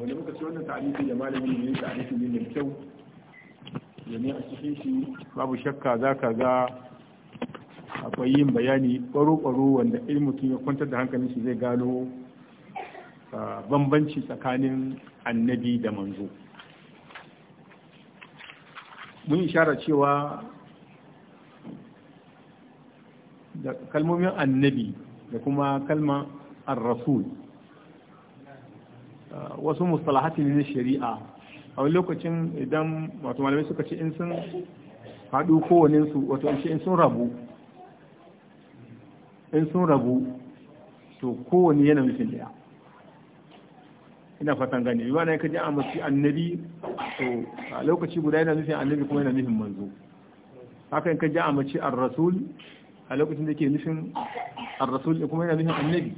wani muka wannan tarihi da malamin ne tarihi ne mai kyau domin a cikin shi babu shakka za ka ga akwai yin bayani ɓaro-ɓaro wanda irin mutum ya kwantar da hankalin shi zai gano bambanci tsakanin annabi da manzo mun ishara cewa da kalmomin annabi da kuma kalma ar-rasul ah, wasu mustalahati ne na shari'a a wani lokacin idan wato malamai suka ce in sun haɗu kowaninsu wato in ce in sun rabu in sun rabu to kowane yana nufin daya ina fatan gane yi wani kaji a mafi annabi to a lokaci guda yana nufin annabi kuma yana nufin manzo haka in kaji a mace ar-rasul a lokacin da ke nufin ar-rasul kuma yana nufin annabi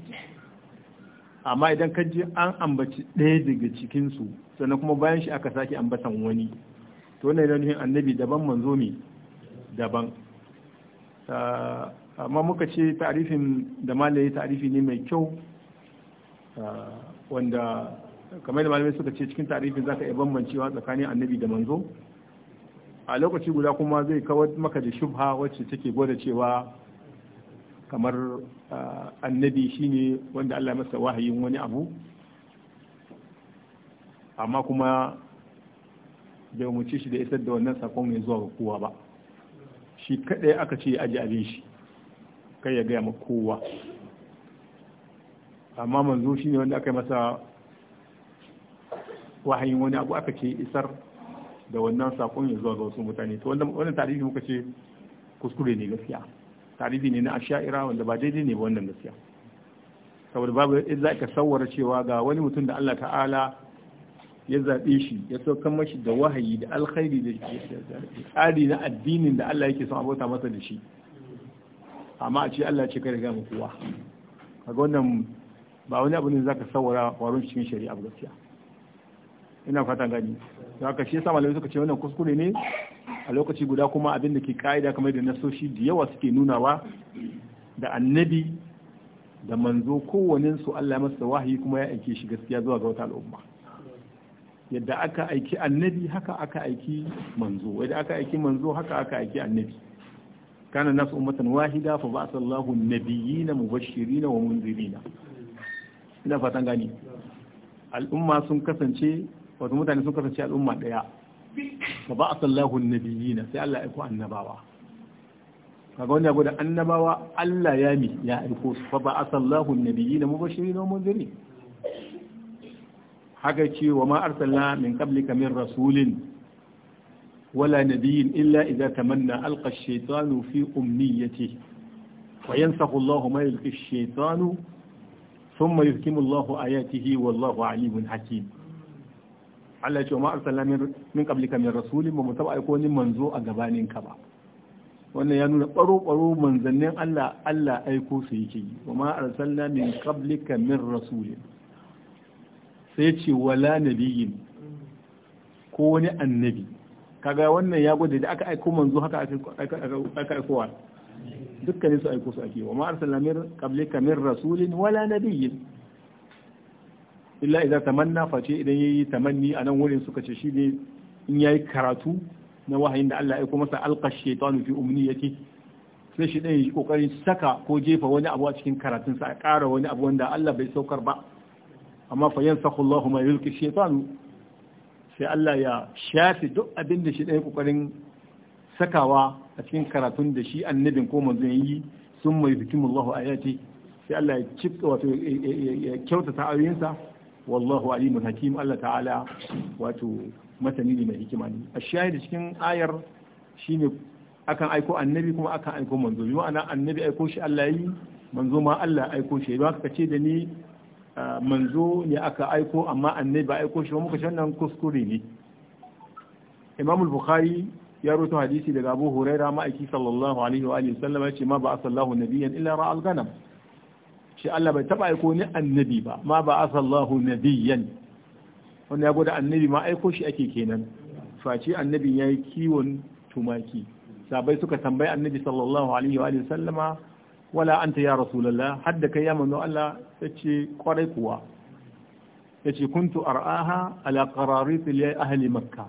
amma idan ka ji an ambaci ɗaya daga cikinsu sannan kuma bayan shi aka sake ambatan wani to wannan yana nufin annabi daban manzo ne daban amma muka ce tarifin da malaye tarifi ne mai kyau wanda kamar da malamai suka ce cikin za zaka iya bambancewa tsakanin annabi da manzo a lokaci guda kuma zai kawar maka da shubha wacce take gwada cewa kamar annabi shi ne wanda Allah masa wahayin wani abu amma kuma bai umarci shi da isar da wannan sakon mai zuwa ga kowa ba shi kadai aka ce aji abin shi kai ya gaya ma kowa amma manzo ne wanda aka yi masa wahayin wani abu aka ce isar da wannan sakon ya zuwa ga wasu mutane to wannan tarihi muka ce kuskure ne gaskiya Tarihi ne na asha'ira wanda ba daidai ne ba wannan gaskiya saboda babu yadda za ka sawara cewa ga wani mutum da Allah ta'ala ya zaɓe shi ya saukan mashi da wahayi da alkhairi da tsari na addinin da Allah yake son abota masa da shi amma a ce Allah ce kai riga mu kowa kaga wannan ba wani abu ne za ka sawara waron cikin shari'a gaskiya ina fatan gani ka shi yasa malamai suka ce wannan kuskure ne a lokaci guda kuma abin da ke ka'ida kamar da nasoshi da yawa suke nunawa da annabi da manzo kowaninsu su Allah masa wahayi kuma ya aike shi gaskiya zuwa ga wata al'umma yadda aka aiki annabi haka aka aiki manzo yadda aka aiki manzo haka aka aiki annabi kana nasu ummatan wahida fa ba'atha Allahu nabiyina mubashirina wa munzirina ina fatan gani al'umma sun kasance wato mutane sun kasance al'umma daya fa ba asallahu annabiyina sai Allah ya aiko annabawa kaga wanda gode annabawa Allah ya mi ya aiko su fa ba asallahu annabiyina mubashirin wa munzirin haka ce wa ma arsalna min qablika min rasulin wala nabiyyin illa idza tamanna alqa ash-shaytanu fi umniyatihi wa yansakhu Allahu ma yulqi ash-shaytanu thumma yuhkimu Allahu ayatihi wallahu alimun hakim Allah ya ce ma arsalna min qablika min rasulin ba mu taba aiko wani manzo a gabanin ka ba wannan ya nuna ɓaro-ɓaro manzannin Allah Allah aiko su yake yi wa ma arsalna min qablika min rasulin sai ce wala nabiyin ko wani annabi kaga wannan ya gwada da aka aiko manzo haka aka aiko wa dukkanin su aiko su ake wa ma arsalna min qablika min rasulin wala nabiyin illa idza tamanna face idan yayi tamanni a nan wurin suka ce shi ne in yayi karatu na wahayin da Allah ya kuma sa alqa shaytanu fi umniyati sai shi dan yi kokarin saka ko jefa wani abu a cikin karatun a ƙara wani abu wanda Allah bai saukar ba amma fa yansakhu Allahu ma yulki shaytanu sai Allah ya shafi duk abin da shi ɗaya kokarin sakawa a cikin karatun da shi annabin ko ya yi sun mai a ayati sai Allah ya wato kyautata ayoyinsa wallahu alimun hakim Allah ta'ala wato matani ne mai hikima ne a shahidi cikin ayar shine akan aiko annabi kuma akan aiko manzo bi ma'ana annabi aiko shi Allah yi manzo ma Allah aiko shi ba ka ce da ni manzo ne aka aiko amma annabi ba aiko shi ba muka wannan kuskure ne Imam al-Bukhari ya rawaito hadisi daga Abu Hurairah ma'aiki sallallahu alaihi wa alihi sallama ya ce ma ba asallahu nabiyyan illa ra'al ghanam shi Allah bai taba aiko ni annabi ba ma ba asallahu nabiyyan wannan ya gwada annabi ma aiko shi ake kenan face annabi ya yi kiwon tumaki sabai suka tambayi annabi sallallahu alaihi wa sallama wala anta ya rasulullah hadda kai ya manzo Allah yace kwarai kuwa yace kuntu ar'aha ala qararit li ahli makkah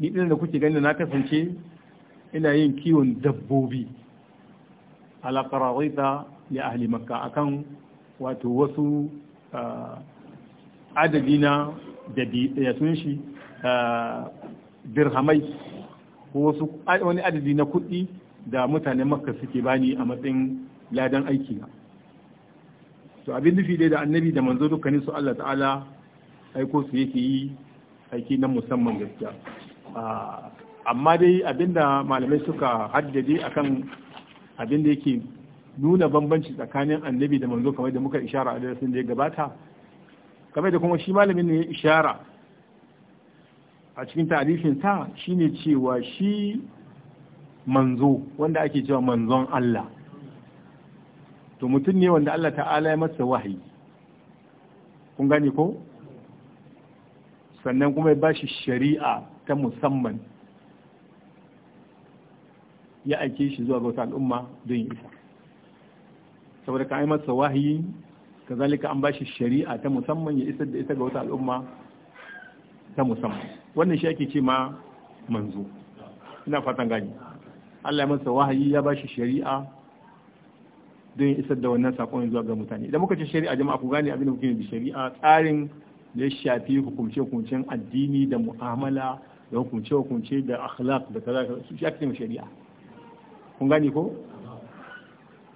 ni din da kuke ganin na kasance ina yin kiwon dabbobi ala qararita li ahli makka akan wato wasu ah, adadi na da ya sun shi ah, dirhamai ko wasu ah, wani adadi na kuɗi da mutanen makka suke bani a matsayin ladan aiki na to abin nufi dai da annabi da manzo dukkanin su Allah ta'ala aiko su yake yi aiki na musamman gaskiya amma dai abinda malamai suka haddade akan abin da yake nuna bambanci tsakanin annabi da manzo kamar da muka ishara a darasin da ya gabata kamar da kuma shi malamin ne ya ishara a cikin tarihin sa shine cewa shi manzo wanda ake cewa manzon Allah to mutum ne wanda Allah ta'ala ya masa wahayi kun gane ko sannan kuma ya bashi shari'a ta musamman ya aike shi zuwa ga wata al'umma don yi isa saboda ka masa wahayi zalika an bashi shari'a ta musamman ya isar da ita ga wata al'umma ta musamman wannan shi ake ce ma manzo ina fatan gani Allah ya masa wahayi ya bashi shari'a don ya isar da wannan sakon zuwa ga mutane idan muka ce shari'a jama'a ku gane abin da muke da shari'a tsarin da ya shafi hukunce hukuncen addini da mu'amala da hukunce hukunce da akhlaq da kaza shi ake ce shari'a kun gane ko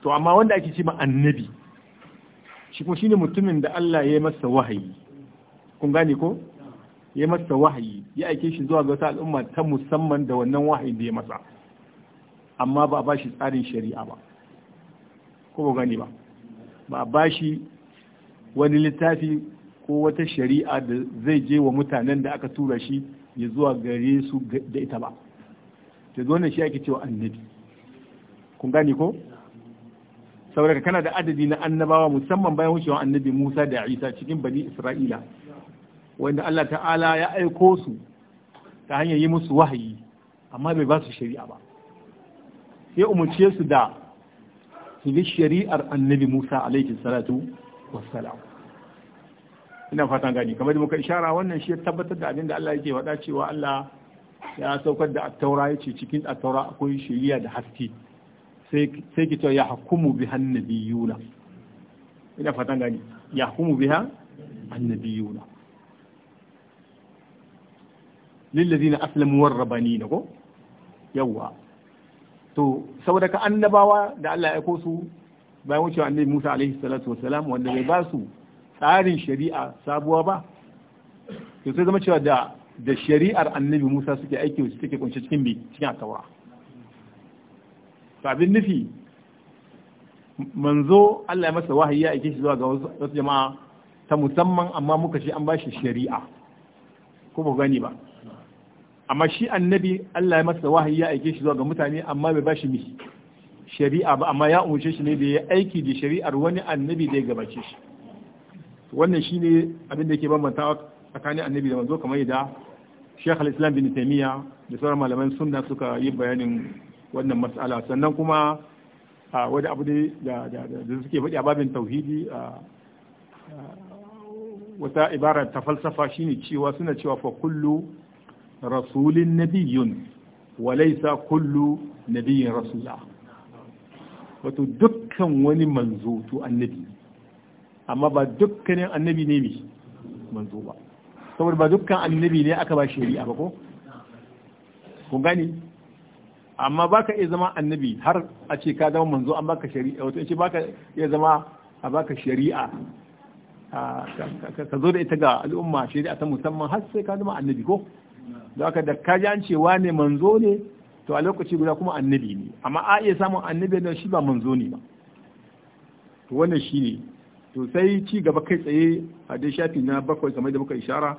to amma wanda ake ce ma annabi shi kuma shine mutumin da Allah ya masa wahayi kun gane ko ya masa wahayi ya aike shi zuwa ga al'umma ta musamman da wannan wahayi da ya masa amma ba a bashi tsarin shari'a ba ko ba gani ba ba a bashi wani littafi ko wata shari'a da zai je wa mutanen da aka tura shi ya zuwa gare su da ita ba ta zo shi ake cewa annabi kun gane ko saboda kana da adadi na annabawa musamman bayan wucewa annabi Musa da Isa cikin bani Isra'ila wanda Allah ta'ala ya aiko su ta hanyar yi musu wahayi amma bai ba su shari'a ba sai umarce su da su bi shari'ar annabi Musa alaihi salatu wassalam ina fatan gani kamar da muka ishara wannan shi tabbatar da abin da Allah yake faɗa cewa Allah ya saukar da taura yace cikin taura akwai shari'a da haske sai ki cewa ya hukumu bi hannabiyuna ina fatan gani ya hukumu biha annabiyuna ladina aslamu warrabanina ko yawa to saboda ka annabawa da Allah ya aiko su bayan wucewa annabi Musa alaihi salatu wassalam wanda bai ba su tsarin shari'a sabuwa ba to sai zama cewa da da shari'ar annabi Musa suke aiki suke kunshi cikin bi cikin atawa to abin nufi manzo Allah ya masa wahayi ya aike shi zuwa ga wasu jama'a ta musamman amma muka ce an bashi shari'a ko ba gani ba amma shi annabi Allah ya masa wahayi ya aike shi zuwa ga mutane amma bai shi mihi shari'a ba amma ya umarce shi ne da ya aiki da shari'ar wani annabi da ya gabace shi wannan shine abin da yake bambanta tsakanin annabi da manzo kamar yadda Sheikh al-Islam bin Taymiyyah da sauran malaman sunna suka yi bayanin wannan mas'ala sannan kuma a wani abu ne da suke faɗi a babin tauhidi wata ibara ta falsafa shine cewa suna cewa fa kullu rasulin nabiyun wa laysa kullu nabiyyin rasula wato dukkan wani manzo to annabi amma ba dukkanin annabi ne mai manzo ba saboda ba dukkan annabi ne aka ba shari'a ba ko kun gani amma baka iya zama annabi har a ce ka zama manzo an baka shari'a wato ce baka iya zama a baka shari'a ka zo da ita ga al'umma shari'a ta musamman har sai ka zama annabi ko da haka da ka ji an cewa ne manzo ne to a lokaci guda kuma annabi ne amma a iya samun annabi ne shi ba manzo ne ba to wannan shi ne to sai ci gaba kai tsaye a dai shafi na bakwai kamar da muka ishara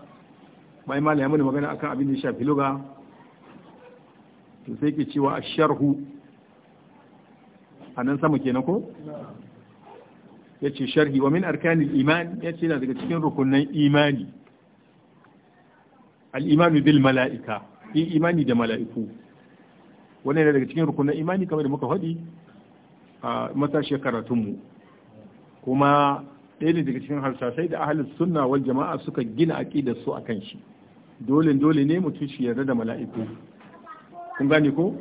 bayan malam mana magana akan abin da ya shafi lugha to sai ke cewa a sharhu a nan sama kenan ko ya ce sharhi wa min arkanin iman ya ce na daga cikin rukunan imani al’imani bil mala'ika yin imani da mala'iku wani yana daga cikin rukunan imani kamar da muka faɗi a matashiyar karatunmu kuma ɗaya ne daga cikin harsasai da ahalin sunna wal jama'a suka gina aƙidar su a kan shi dole dole ne mutum shi yarda da mala'iku kun gane ko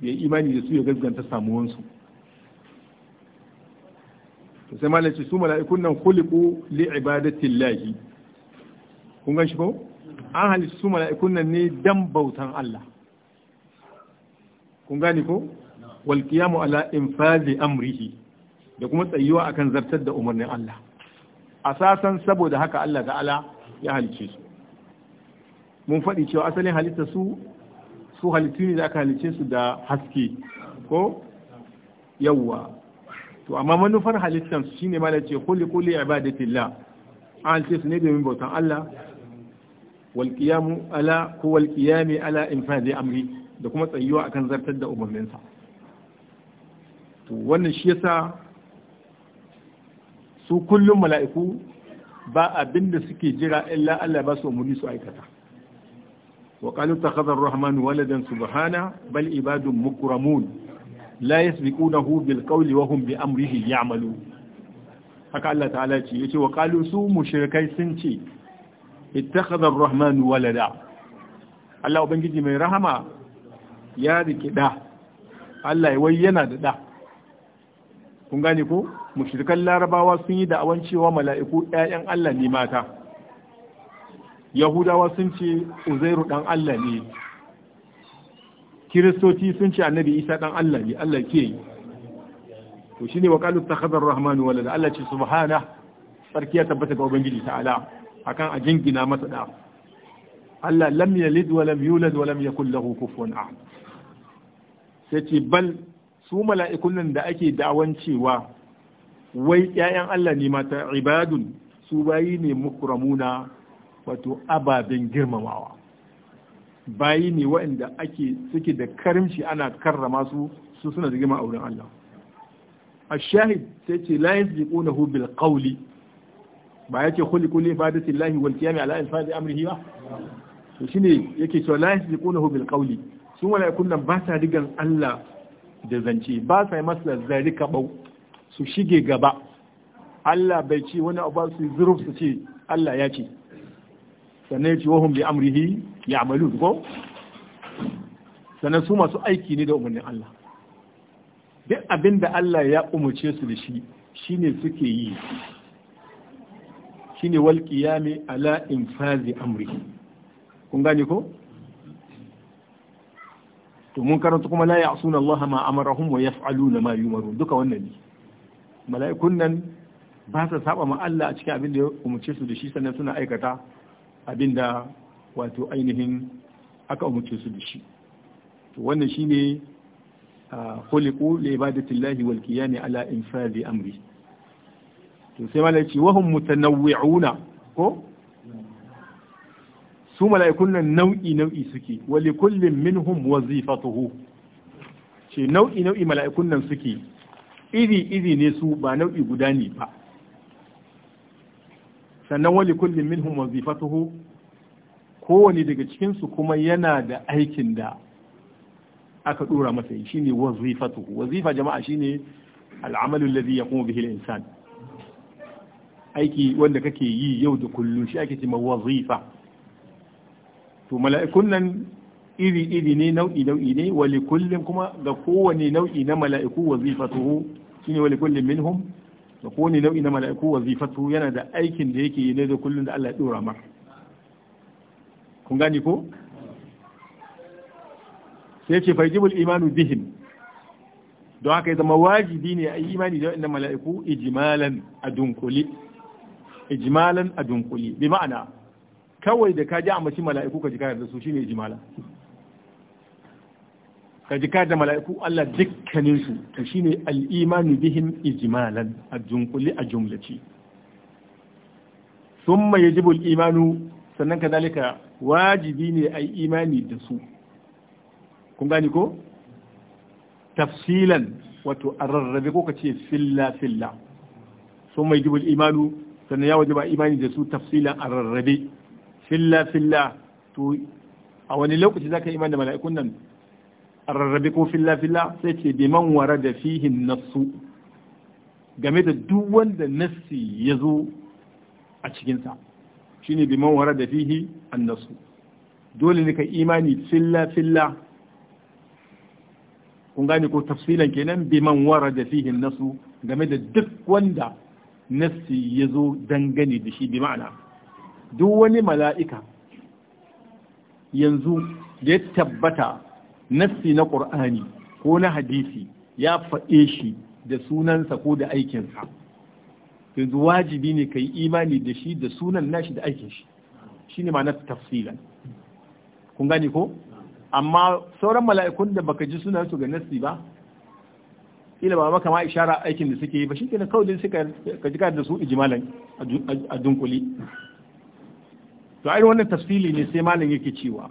ya imani da su ya gaskanta samuwansu to sai malam su mala'ikun nan khuliqu li ibadatillahi kun gane ko an halitta su mala'ikun nan ne dan bautan Allah kun gane ko wal qiyamu ala infazi amrihi da kuma tsayuwa akan zartar da umarnin Allah asasan saboda haka Allah ta'ala ya halice su mun faɗi cewa asalin halitta su su halittu ne da aka halice su da haske ko yawwa to amma manufar halittar su shine mala ce kulli kulli ibadatillah an halice su ne domin bautan Allah wal ala ko wal qiyami ala infadi amri da kuma tsayuwa akan zartar da umarnin sa wannan shi yasa su kullum mala'iku ba abinda suke jira illa Allah ba su umarni su aikata وقالوا اتخذ الرحمن ولدا سبحانه بل عباد مكرمون لا يسبقونه بالقول وهم بأمره يعملون haka Allah ta'ala ce وقالوا سو مشركي سنتي اتخذ الرحمن ce الله ar-rahman walada Allah ubangiji mai rahama ya دا, yana da kun gane ko mushrikan larabawa sun yi da'awan cewa mala'iku ɗayan Allah ne mata yahudawa sun ce uzairu dan Allah ne kiristoci sun ce annabi isa dan Allah ne Allah ke yi to shine wa ta takhadar rahmanu walada Allah ce su subhana sarki ya tabbata ga ubangiji ta'ala akan a jingina masa da Allah lam lid wa lam yulad wa lam ya lahu kufuwan sai ce bal su mala'ikun nan da ake da'awan cewa wai 'ya'yan Allah ne mata ibadun su bayi ne mukramuna wato ababen girmamawa bayi ne waɗanda ake suke da karimci ana karrama su su suna da girma a wurin Allah الشاهد سيتي لا bil qawli ba yake khuliqu li ibadati llahi wal qiyam ala alfazi amrihi ba to shine yake cewa la yasbiqunahu bil qawli su malaikun nan ba sa rigan Allah da zance ba sa masa zalika bau su shige gaba Allah bai ce wani abu su zuruf su ce Allah ya ce sannan ya ce wahum bi amrihi ya amalu ko sannan su masu aiki ne da umarnin Allah duk abin da Allah ya umarce su da shi shine suke yi shine wal qiyami ala infazi amri kun gane ko to mun karanta kuma la ya'suna Allah ma amarahum wa yaf'aluna ma yumarun duka wannan ne mala'ikun nan ba sa saba ma Allah a cikin abin da ya umarce su da shi sannan suna aikata abinda wato ainihin aka umarci su da shi to wannan shine khuliqu li ibadatillahi wal ne ala infazi amri to sai malai ce mutanawwi'una ko su mala'ikun nan nau'i nau'i suke wa li kullin minhum wazifatuhu ce nau'i nau'i mala'ikun nan suke iri iri ne su ba nau'i guda ne ba sannan wani kullum minhum wazifatuhu kowane daga cikinsu kuma yana da aikin da aka dora masa yi shine wazifatuhu wazifa jama'a shine al'amalu alladhi yaqumu bihi al-insan aiki wanda kake yi yau da kullum shi ake cewa wazifa to mala'ikun nan iri iri ne nau'i nau'i ne wali kullum kuma ga kowane nau'i na mala'iku wazifatuhu shine wali kullum minhum da kowane nau'i na mala'iku wazifatu yana da aikin da yake yi na da kullum da Allah ya ɗora mar kun gani ko sai ce fajibul imanu bihim don haka ya zama wajibi ne a yi imani da mala'iku ijimalan a dunkuli ijimalan a dunkuli bi ma'ana kawai da ka ji a mace mala'iku ka ji kayar da su shine ijimala ka ji ka da mala'iku Allah dukkanin su to shine al-imanu bihim ijmalan a junquli a jumlaci sun mai al-imanu sannan ka kadalika wajibi ne a imani da su kun gani ko tafsilan wato a rarrabe ko ka ce filla filla sun mai jibul imanu sannan ya waje ba imani da su tafsilan a rarrabe filla filla to a wani lokaci za ka imani da mala'ikun nan a rarrabe ko filla-filla sai ce bi man wara da fihin nassu game da duk wanda nassi ya zo a cikinsa shi ne bi man wara da fihi an nassu dole ne ka imani filla-filla kun gane ko tafsilan kenan bi man wara da fihin nassu game da duk wanda nassi ya zo dangane da shi bi ma'ana duk wani mala'ika yanzu da ya tabbata nassi na ƙur'ani ko na hadisi ya faɗe shi da sunansa ko da aikinsa yanzu wajibi ne ka yi imani da shi da sunan nashi da aikin shi shi ne na tafsilan kun gane ko amma sauran mala'ikun da baka ji sunan su ga nassi ba ila ba maka ma ishara aikin da suke yi ba shi kenan kawai suka ka ji da su ijmalan a dunkuli to ai wannan tafsili ne sai malam yake cewa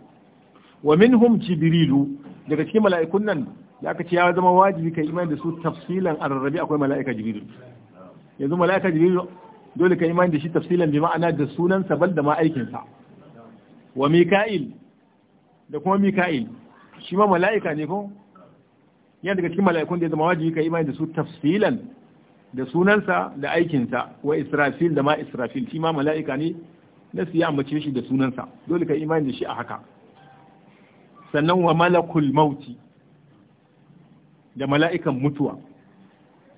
wa minhum jibrilu daga cikin mala'ikun nan da aka ce ya zama wajibi kai imani da su tafsilan ar-rabi akwai mala'ika jibril yanzu mala'ika jibril dole kai imani da shi tafsilan bi ma'ana da sunan sa bal da ma aikin sa wa mika'il da kuma mika'il shi ma mala'ika ne ko yana daga cikin mala'ikun da ya zama wajibi ka imani da su tafsilan da sunansa da aikinsa wa israfil da ma israfil shi ma mala'ika ne na siya ambace shi da sunansa dole ka imani da shi a haka sannan wa malakul mauti da mala'ikan mutuwa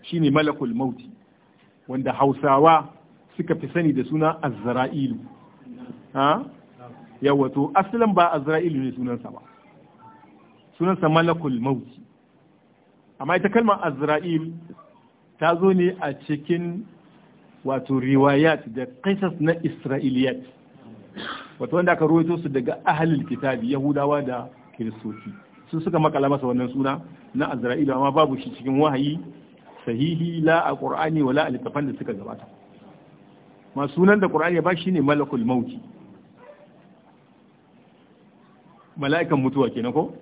shine malakul mauti wanda hausawa suka fi sani da suna azra'ilu ha yawa asalin ba azra'ilu ne sunansa ba sunansa malakul mauti amma ita kalmar azra'il ta zo ne a cikin wato riwayat da kaisas na isra'iliyat wato wanda aka ruwaito su daga ahalin kitabi yahudawa da kiristoci sun suka makala masa wannan suna na azra'ilu amma babu shi cikin wahayi sahihi la a qur'ani wala a littafan da suka gabata ma sunan da qur'ani ya ba shine malakul mauti mala'ikan mutuwa kenan ko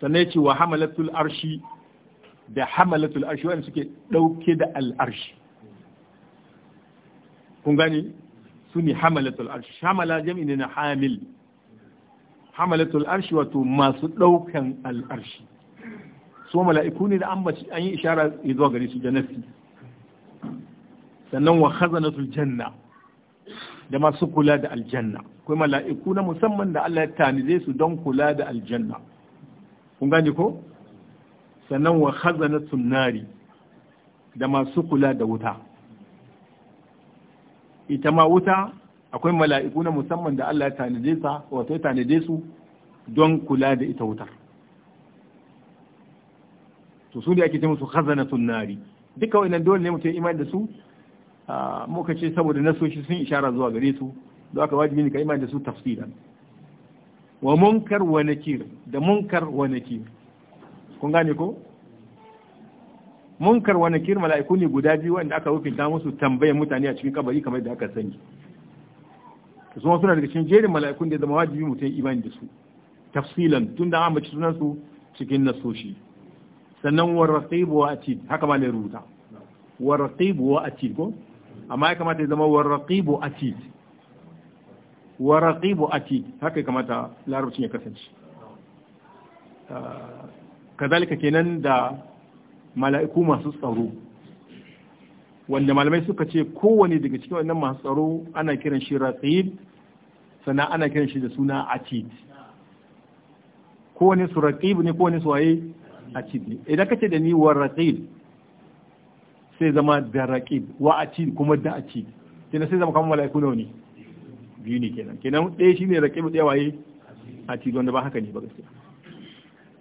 sannan yace wa hamalatul arshi da hamalatul arshi wanda suke dauke da al'arshi kun gani su ne hamalatul arshi hamala jami'in na hamil hamalatul arshi wato masu ɗaukan al'arshi su mala'iku ne da an an yi ishara zuwa gare su da nasi sannan wa khazanatul janna da masu kula da aljanna akwai mala'iku na musamman da Allah ya tanize su don kula da aljanna kun gane ko sannan wa khazanatul nari da masu kula da wuta ita ma wuta akwai mala'iku na musamman da Allah ya tanade sa wato ya tanade su don kula da ita wutar to su ne ake ce musu khazanatun nari duka wannan dole ne mutum imani da su ah, muka ce saboda nasoshi sun ishara zuwa gare su don aka wajibi ne ka imani da su tafsiran wa munkar wa nakir da munkar wa nakir kun gane ko munkar wa nakir mala'iku ne guda biyu wanda aka hukunta musu tambayar mutane a cikin kabari kamar da aka sani su ma suna daga cikin jerin mala'ikun da zama wajibi mutum ya imani da su tafsilan tun da an bace sunan su cikin nasoshi sannan wa raqib wa atid haka ma ne rubuta wa raqib wa atid ko amma ya kamata ya zama wa raqibu atid wa raqibu atid haka ya kamata larabcin ya kasance ah, kazalika kenan da mala'iku masu tsaro wanda malamai suka ce kowane daga cikin wannan masu tsaro ana kiran shi rasid sannan ana kiran shi da suna atid kowane su rasid ne kowane su waye atid ne idan kace da ni wa rasid sai zama da rasid wa atid kuma da atid kenan sai zama kamar mala'iku nawa ne biyu ne kenan kenan ɗaya shine rasid ɗaya waye atid wanda ba haka ne ba gaskiya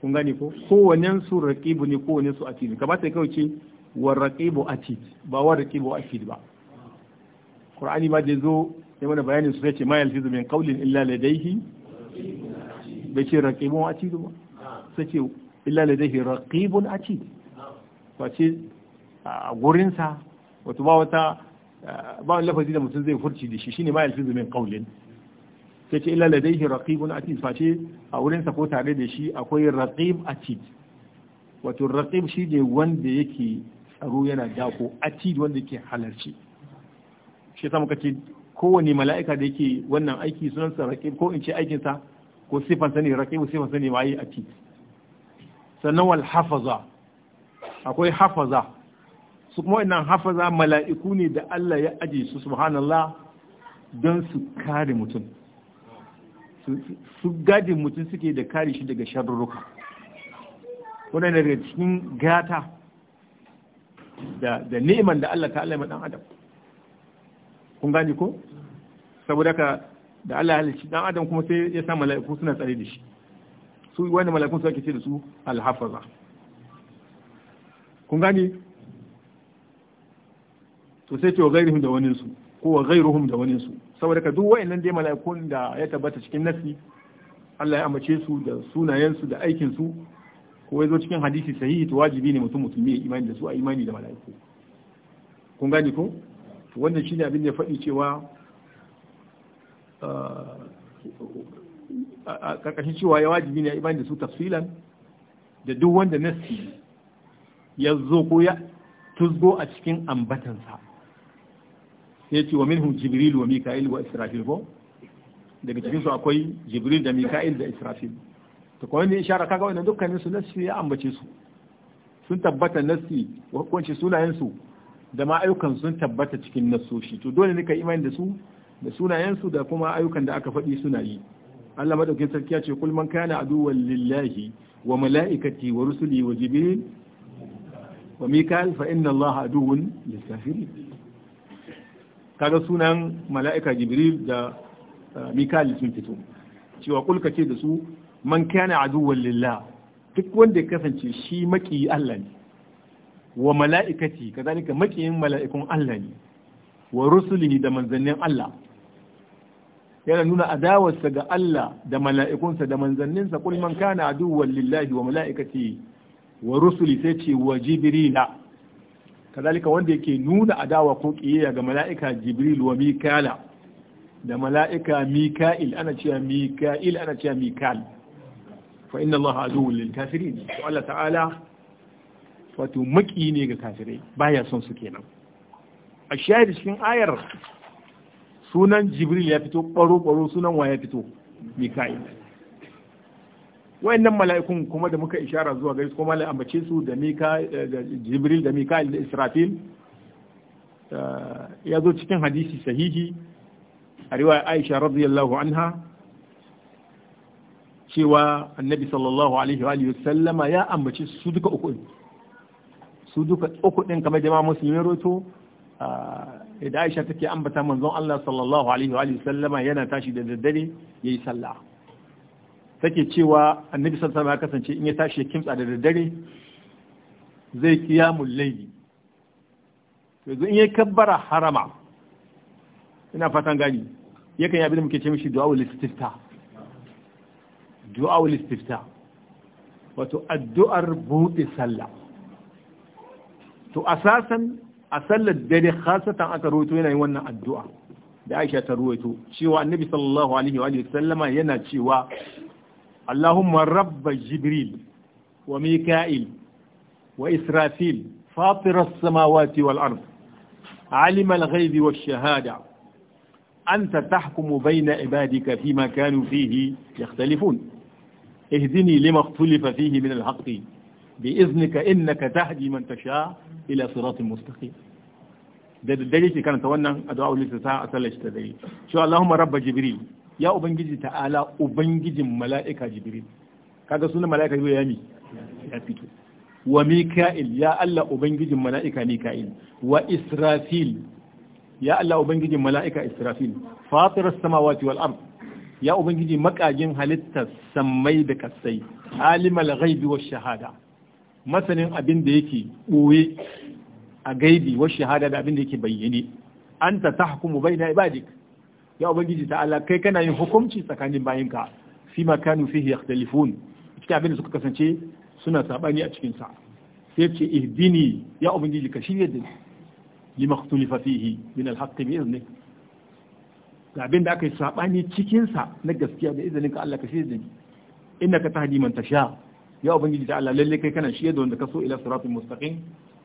kun gane ko kowane su rasid ne kowane su atid kamata ya ce. warraqibu atid ba warraqibu atid ba qur'ani ma da zo ya mana bayanin su ce ma yalfizu min qawlin illa ladayhi bai ce a atid ba sai ce illa ladayhi raqibun atid ce a gurinsa wato ba wata ba wani lafazi da mutum zai furci da shi shine ma yalfizu min qawlin sai ce illa ladayhi raqibun atid face a wurinsa ko tare da shi akwai raqib atid wato raqib shi ne wanda yake tsaro yana dako atid wanda ke halarci shi yasa muka ce kowane mala'ika da yake wannan aiki sunan sa raqib ko in ce aikin sa ko sifan sa ne raqib sifan sa ne mai atid sannan wal hafaza akwai hafaza su kuma wannan hafaza mala'iku ne da Allah ya aje su subhanallah don su kare mutum su gadi mutum suke da kare shi daga sharruka wannan daga cikin gata da da ni'iman da Allah ta ya dan adam kun gani ko saboda ka da Allah ya halicci dan adam kuma sai ya sa mala'iku suna tsare da shi su wani mala'iku su ake ce da su alhafaza kun gani to sai ce wa gairihim da wani su ko wa gairuhum da wani su saboda ka duk wayannan dai mala'ikun da ya tabbata cikin nasi Allah ya amace su da sunayen su da aikin su ko ya zo cikin hadisi sahihi to wajibi ne mutum mutum ya imani da su a imani da mala'iku kun gane ko wannan shine abin da ya faɗi cewa a ƙarƙashin cewa ya wajibi ne a imani da su tafsilan da duk wanda nasi ya zo ko ya tuzgo a cikin ambatansa sai ce wa minhum jibril wa mika'il wa israfil ko daga cikin su akwai jibril da mika'il da israfil to kuma ne ishara kaga wannan dukkanin su nassi ya ambace su sun tabbata nassi hukunci sunayen su da ma ayyukan sun tabbata cikin nasoshi to dole ne ka imani da su da sunayen su da kuma ayyukan da aka faɗi suna yi Allah madaukakin sarki ya ce kul man kana aduwwan lillahi wa mala'ikati wa rusuli wa jibril wa mikael fa inna Allah aduwwun lil kaga sunan mala'ika jibril da eh, mikael sun fito cewa kulka ce da su man kana aduwan lillah duk wanda ya kasance shi maki Allah ne wa mala'ikati kazalika makiyin mala'ikun Allah ne wa rusulihi da manzannin Allah yana nuna adawarsa ga Allah da mala'ikunsa da manzanninsa kul man kana aduwan lillahi wa mala'ikati wa rusuli sai ce wa jibrila kazalika wanda yake nuna adawa ko kiyaya ga mala'ika jibril wa mikala da mala'ika mika'il ana cewa mika'il ana cewa mikal fa inna Allah azuwul lil kafirin to Allah ta'ala wato maki ne ga kafirai baya son su kenan a shahidi cikin ayar sunan Jibril ya fito baro baro sunan wa ya fito Mika'il wayannan mala'ikun kuma da muka ishara zuwa gare su kuma mala'ikun ambace su da Mika eh, da Jibril da Mika'il da Israfil eh, ya zo cikin hadisi sahihi a riwaya Aisha radiyallahu anha cewa annabi sallallahu alaihi wa sallama ya ambaci su duka uku su duka uku din kamar jama'a musulmi roto da Aisha take ambata manzon Allah sallallahu alaihi wa sallama yana tashi da daddare yayi sallah take cewa annabi sallallahu alaihi ya kasance in ya tashi ya kimtsa da daddare zai kiyamul layli to in ya kabbara harama ina fatan gani yakan yi abin da muke ce mishi du'a ul istifta دعاء الاستفتاء وتؤدى ربوت سلا تؤساسا أسلا الدري خاصة أتروت وين يوانا الدعاء لعائشة تروت شوى النبي صلى الله عليه وآله وسلم ينا شوى اللهم رب جبريل وميكائيل وإسرافيل فاطر السماوات والأرض علم الغيب والشهادة أنت تحكم بين عبادك فيما كانوا فيه يختلفون ihdini lima ikhtalifa fihi min al-haqq bi iznika innaka tahdi man tasha ila siratin mustaqim da daddare ke karanta wannan addu'a ulisa ta a sallar shi ta dare cewa Allahumma rabba jibril ya ubangiji ta'ala ubangijin mala'ika jibril kaga sunan mala'ika jibril ya mi ya fito wa mika'il ya Allah ubangijin mala'ika mika'il wa israfil ya Allah ubangijin mala'ika israfil fatirar samawati wal ard ya ubangiji makagin halittar sammai da kasai alimal ghaibi wa shahada masanin abin da yake boye a gaibi wa shahada da abin da yake bayyane anta tahkumu baina ibadik ya ubangiji ta'ala kai kana yin hukunci tsakanin bayinka fi ma kanu fihi yakhtalifun cikin abin da suka kasance suna saɓani a cikin sa sai ce ihdini ya ubangiji ka shirya da ni limakhtulifa fihi min alhaqqi bi idnik ga abin da aka yi sabani cikin na gaskiya da izinin ka Allah ka shirye da ni ka tahdi man tasha ya ubangiji ta Allah lalle kai kana shiye da wanda ka so ila siratul mustaqim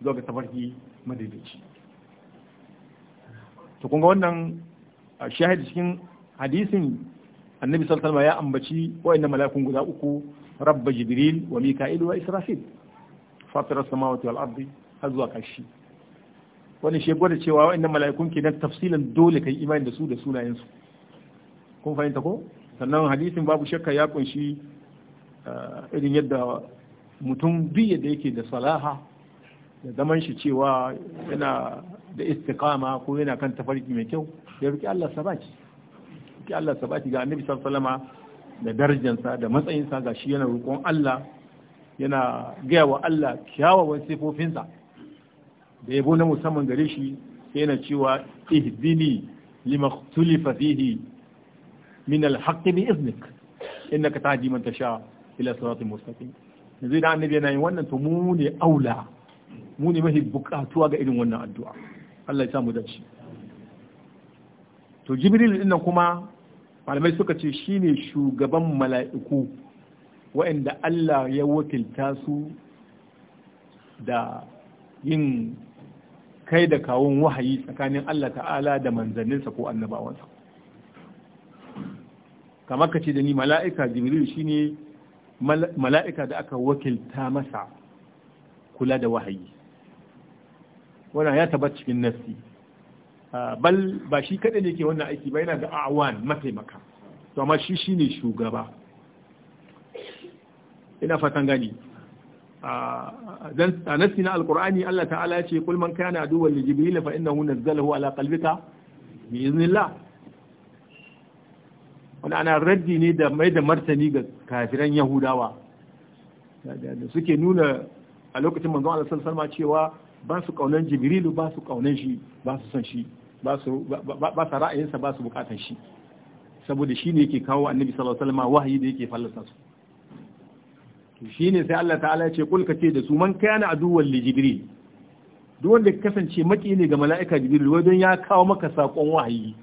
zuwa ga tafarki madaidaici to kun ga wannan shahid cikin hadisin annabi sallallahu alaihi ya ambaci wayannan mala'ikun guda uku rabba jibril wa mika'il wa israfil fatira samawati wal ardi har zuwa kashi wani shi gwada cewa wa'annan mala'ikun nan tafsilan dole kai imani da su da sunayen su kun fahimta ko sannan hadisin babu shakka ya kunshi eh, irin yadda mutum duk da yake da salaha da zaman shi cewa yana da istiqama ko yana kan tafarki mai kyau ya riki Allah sabaki riki Allah sabaki ga annabi sallallahu da darajansa da matsayinsa ga shi yana roƙon Allah yana gaya wa Allah kyawawan sifofinsa da yabo na musamman gare shi sai yana cewa ihdini lima ikhtalafa fihi min alhaqqi bi iznik innaka tahdi man tasha ila siratin mustaqim yanzu da annabi yana yin wannan to mu ne aula mu ne mahi bukatuwa ga irin wannan addu'a Allah ya sa mu dace to jibril din nan kuma malamai suka ce shine shugaban mala'iku waɗanda Allah ya wakilta su da yin kai da kawun wahayi tsakanin Allah ta'ala da manzanninsa ko annabawansa kamar ka ce da ni mala'ika jibril shine mala'ika da aka wakilta masa kula da wahayi wana ya taba cikin nasi ah, bal ba shi kaɗai ne ke wannan aiki ba yana da awan mataimaka to amma shi shine shugaba ina fatan gani a nasi na alkur'ani Allah ta'ala ce kul man kana aduwwan li jibril fa innahu nazzalahu ala qalbika bi iznillah wani ana raddi ne da mai da martani ga kafiran yahudawa da suke nuna a lokacin manzon Allah sallallahu alaihi cewa ba su kaunan jibrilu ba su kaunan shi ba su san shi ba su ra'ayinsa ba su bukatan shi saboda shi ne yake kawo annabi sallallahu alaihi wasallam wahayi da yake fallasa su shine sai Allah ta'ala ya ce kul ce da su man a aduwwan li jibril duk wanda ya kasance maki ne ga mala'ika jibril don ya kawo maka sakon wahayi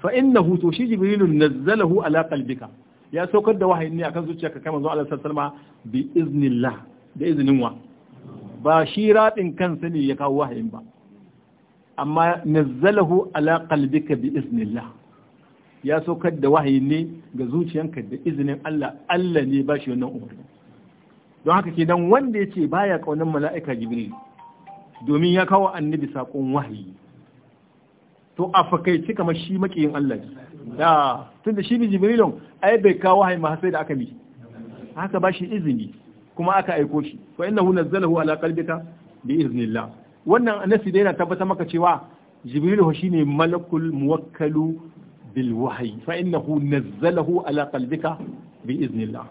fa innahu to shi jibril nazzalahu ala qalbika ya saukar da wahayi ne akan zuciyarka kai manzo Allah sallallahu alaihi bi iznillah da iznin wa ba shi radin kansa ne ya kawo wahayin ba amma nazzalahu ala qalbika bi iznillah ya saukar da wahayi ne ga zuciyanka da iznin Allah Allah ne ba shi wannan umarni don haka ke dan wanda ya ce baya kaunar mala'ika jibril domin ya kawo annabi saƙon wahayi to a fakaice kamar shi makiyin Allah ne da tun da shi ne jibrilun ai bai kawo wahayi ma sai da aka bi haka ba shi izini kuma aka aiko shi fa innahu nazzalahu ala qalbika bi iznillah wannan anasi dai yana tabbata maka cewa jibrilu shine malakul muwakkalu bil wahyi fa innahu nazzalahu ala qalbika bi iznillah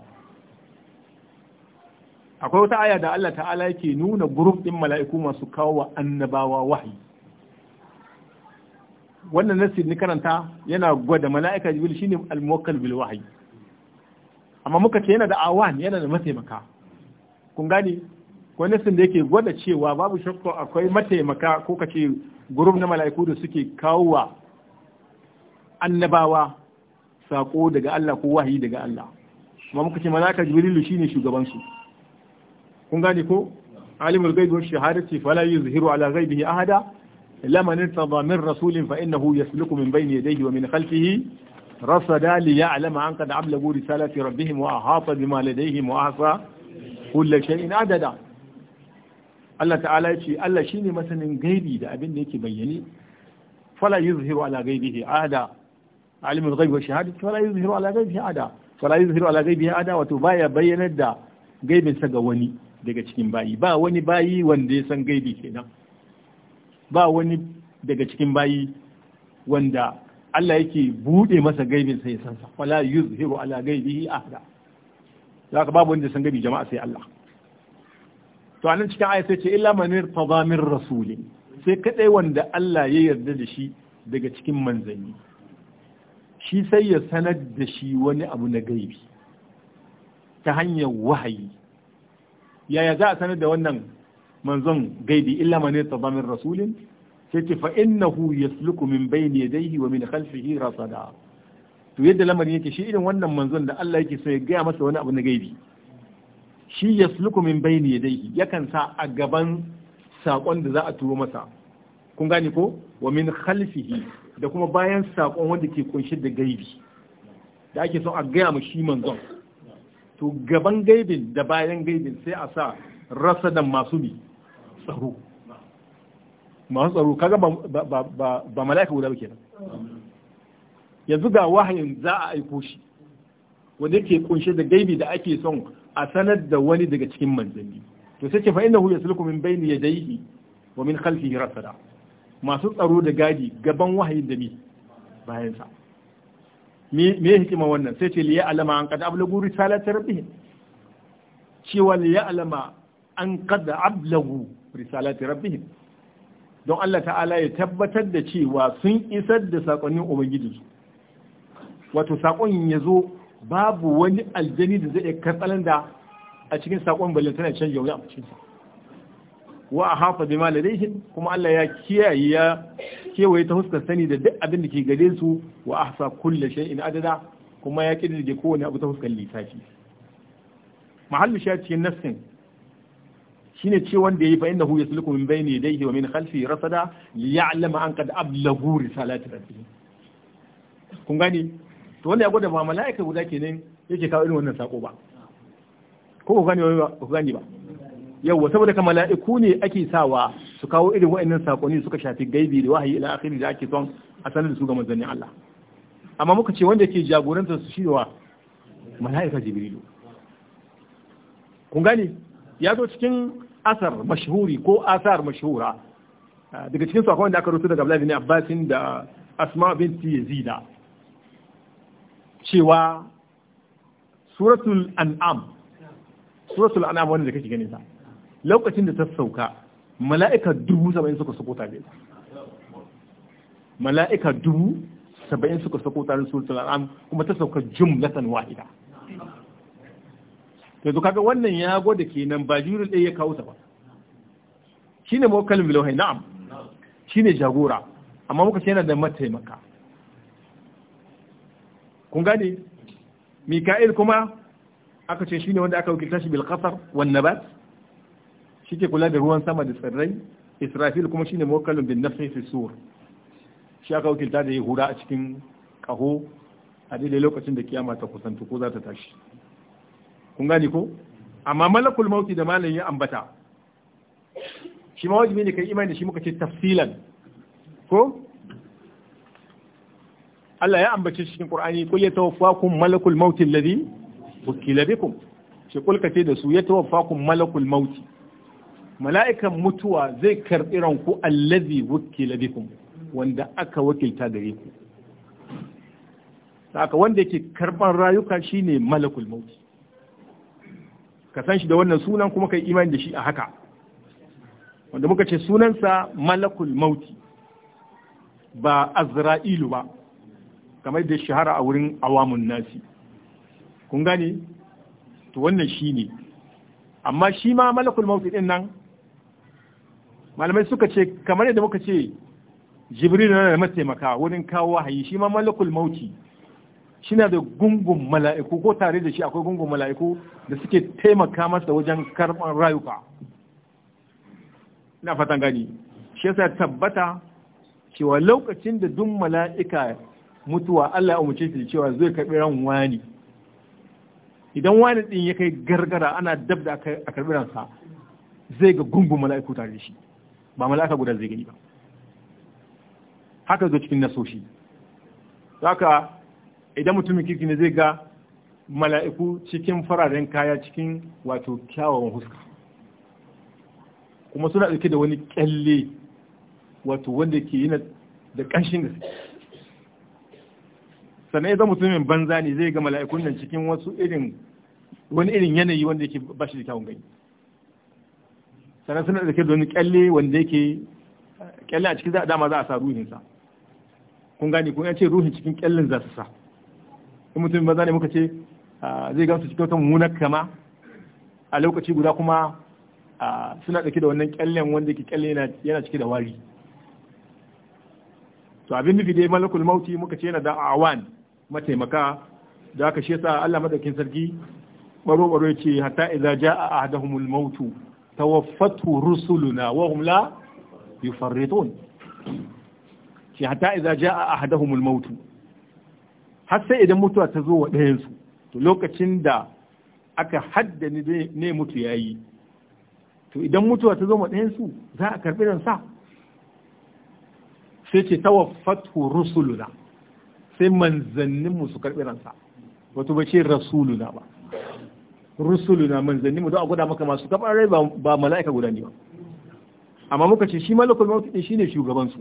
akwai wata aya da Allah ta'ala yake nuna gurup din mala'iku masu kawo wa annabawa wahayi wannan nasir ni karanta yana gwada mala'ika jibril shine al-muwakkal bil wahayi amma muka ce yana da awan yana da mataimaka kun gane ko nasir da yake gwada cewa babu shakka akwai mataimaka ko kace gurup na mala'iku da suke kawo wa annabawa sako daga Allah ko wahayi daga Allah amma muka ce mala'ika jibril shine shugaban su kun gane ko alimul ghaibi wa shahadati fala yuzhiru ala ghaibihi ahada illa man irtada min rasulin fa innahu yasluku min bayni yadayhi wa min khalfihi rasada li ya'lama an qad ablagu risalati rabbihim wa ahata bima ladayhim wa ahsa kulli shay'in adada Allah ta'ala ya ce Allah shine masanin gaibi da abin da yake bayyane fala yuzhiru ala ghaibihi ahada alimul ghaibi wa shahadati fala yuzhiru ala ghaibihi ahada fala yuzhiru ala ghaibihi ahada wato baya bayyanar da gaibinsa ga wani daga cikin bayi ba wani bayi wanda ya san gaibi kenan ba wani daga cikin bayi wanda Allah yake bude masa gaibin sai san sa wala yuzhiru ala gaibihi ahada zaka babu wanda ya san gaibi jama'a sai Allah to anan cikin aya sai ce illa man irtada min sai kadai wanda Allah ya yarda da shi daga cikin manzanni shi sai ya sanar da shi wani abu na gaibi ta hanyar wahayi yaya za a sanar da wannan manzon gaibi illa man yattaba rasulin sai ce fa innahu yasluku min bayni yadayhi wa min khalfihi rasada to yadda lamarin yake shi irin wannan manzon da Allah yake so ya gaya masa wani abu na gaibi shi yasluku min bayni yadayhi yakan sa a gaban sakon da za a turo masa kun gane ko wa min khalfihi da kuma bayan sakon wanda ke kunshe da gaibi da ake son a gaya mu shi manzon to gaban gaibin da bayan gaibin sai a sa rasa da masu bi tsaro masu tsaro kaga ba mala'ika guda ba yanzu ga wahayin za a aiko shi wanda yake kunshe da gaibi da ake son a sanar da wani daga cikin manzanni to sai ce fa innahu yasluku min bayni yadayhi wa min khalfihi rasada masu tsaro da gadi gaban wahayin da bi bayan sa me hikima wannan sai ce liya alama an kada ablagu risalatar rabbihim cewa liya alama an kada ablagu risalatar rabbihim don Allah ta'ala ya tabbatar da cewa sun isar da sakonnin ubangiji wato sakon ya zo babu wani aljani da zai iya katsalan da a cikin sakon balantana canja wani a cikin sakon wa a hafa bi maladaihim kuma Allah ya kiyaye ya kewaye ta huskar sani da duk abin da ke gare su wa ahsa kulli shay'in adada kuma ya kiddige kowane abu ta huskar lissafi mahallu shi cikin nafsin shine ce wanda yayi fa innahu yasluku min bayni yadayhi wa min khalfi rasada li ya'lama an qad ablagu risalati rabbih kun gani to wanda ya gwada ba mala'ika guda kenan yake kawo irin wannan sako ba ko ku gani ba ku gani ba Yauwa saboda ka mala'iku ne ake sawa su kawo irin wa'annan sakonni suka shafi gaibi da wahayi ila akhiri da ake son a sanar da su ga manzannin Allah amma muka ce wanda ke jagoranta su shi wa mala'ika jibrilu kun ya zo cikin asar mashhuri ko asar mashhura daga cikin sakon da aka rubuta daga Abdullahi bin da Asma binti Yazida cewa suratul an'am suratul an'am wanda da kake ganin sa lokacin da ta sauka mala'ika dubu saba'in suka sakota ta bai mala'ika dubu saba'in suka sako ta suratul al'am kuma ta sauka jumlatan wahida yanzu kaga wannan ya gwada kenan ba jirin ɗaya ya kawo ta ba ne mawakkalin bilawai na'am Shi ne jagora amma muka ce yana da mataimaka kun gane mika'il kuma aka ce shi ne wanda aka wakilta shi bilkasar wannan ba shi ke kula da ruwan sama da tsirrai israfil kuma shine muwakkalun bin nafsi fi sur shi aka wakilta da ya hura a cikin kaho a daidai lokacin da kiyama ta kusantu ko za ta tashi kun gane ko amma malakul mauti da malamin ya ambata shi ma wajibi ne kai imani da shi muka ce tafsilan ko Allah ya ambace cikin Qur'ani qul tawaffakum malakul mauti alladhi wukila bikum shi kulka ce da su tawaffakum malakul mauti mala'ikan mutuwa zai karɓi ranku allazi wukila bikum wanda aka wakilta gare ku Saka wanda yake karban rayuka shine malakul mauti ka san shi da wannan sunan kuma kai imani da shi a haka wanda muka ce sunansa malakul mauti ba azra'ilu ba kamar da shahara a wurin awamun nasi kun gane to wannan shine amma shi ma malakul mauti din nan malamai suka ce kamar yadda muka ce jibril na da mataimaka wurin kawo wahayi shi ma malakul mauti shi na da gungun mala'iku ko tare da shi akwai gungun mala'iku da suke taimaka masa wajen karɓar rayuka ina fatan gani shi yasa tabbata cewa lokacin da duk mala'ika mutuwa Allah ya umarce shi cewa zai karɓi ran wani idan wani ɗin ya kai gargara ana dab da a karɓi ransa zai ga gungun mala'iku tare da shi ba mala'ika guda zai gani ba haka zo cikin nasoshi haka idan mutumin kirki ne zai ga mala'iku cikin fararen kaya cikin wato kyawawan huska kuma suna ɗauke da wani kyalle wato wanda ke yana da ƙanshin gaske sannan idan mutumin banza ne zai ga mala'ikun nan cikin wasu irin wani irin yanayi wanda yake bashi da kyawun gani sannan suna da ke wani kyalle wanda yake kyalle a cikin dama za a sa ruhinsa kun gane kun ce ruhin cikin kyallin za su sa in mutum maza ne muka ce zai gamsu cikin wata mummunar kama a lokaci guda kuma suna ke da wannan kyallen wanda yake kyalle yana ciki da wari to abin nufi dai malakul mauti muka ce yana da awan mataimaka da aka shi yasa Allah madaukin sarki baro baro yace hatta idza jaa ahaduhumul mautu tawaffatu rusuluna wa hum la yufarritun shi hatta idza jaa ahaduhum al-maut har sai idan mutuwa ta zo wa ɗayan su to lokacin da aka haddani ne mutu yayi to idan mutuwa ta zo wa ɗayan su za a karbi ran sa sai ce tawaffatu rusuluna sai manzanninmu su karbi ransa wato ba ce rasuluna ba rusuluna manzanni mu don a gwada maka masu gaban rai ba mala'ika guda ne ba amma muka ce shi malakul mautu din shine shugaban su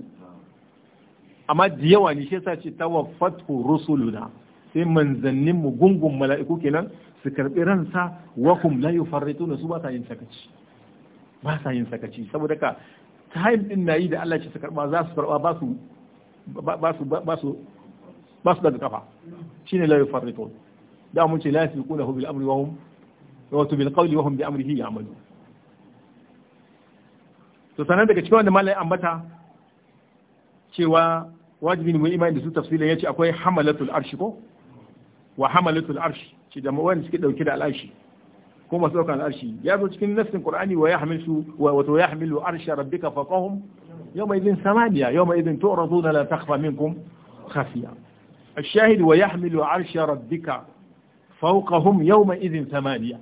amma da yawa ne shi yasa ce tawaffatu rusuluna sai manzannin mu gungun mala'iku kenan su karbi ransa wa hum la yufarrituna su ba sa yin sakaci ba sa yin sakaci saboda ka time din nayi da Allah ya su karba za su karba ba su ba su ba su ba su daga kafa shine la yufarritun da mun ce la yasbiquna bil amri wa hum wato bil qawli wa hum bi amrihi ya'malu to sanan daga cikin wanda malai ambata cewa wajibi ne mu imani da su tafsila yace akwai hamalatul arshi ko wa hamalatul arshi ce da wanda suke dauke da al'arshi ko masu daukan al'arshi ya zo cikin nassin qur'ani wa yahmilu wa wato yahmilu arsha rabbika faqahum yawma idhin samaniya yawma idhin tu'raduna la takhfa minkum khafiya الشاهد ويحمل عرش ربك فوقهم يومئذ ثمانية